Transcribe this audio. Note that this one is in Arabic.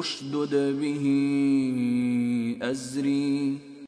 أشدد به أزري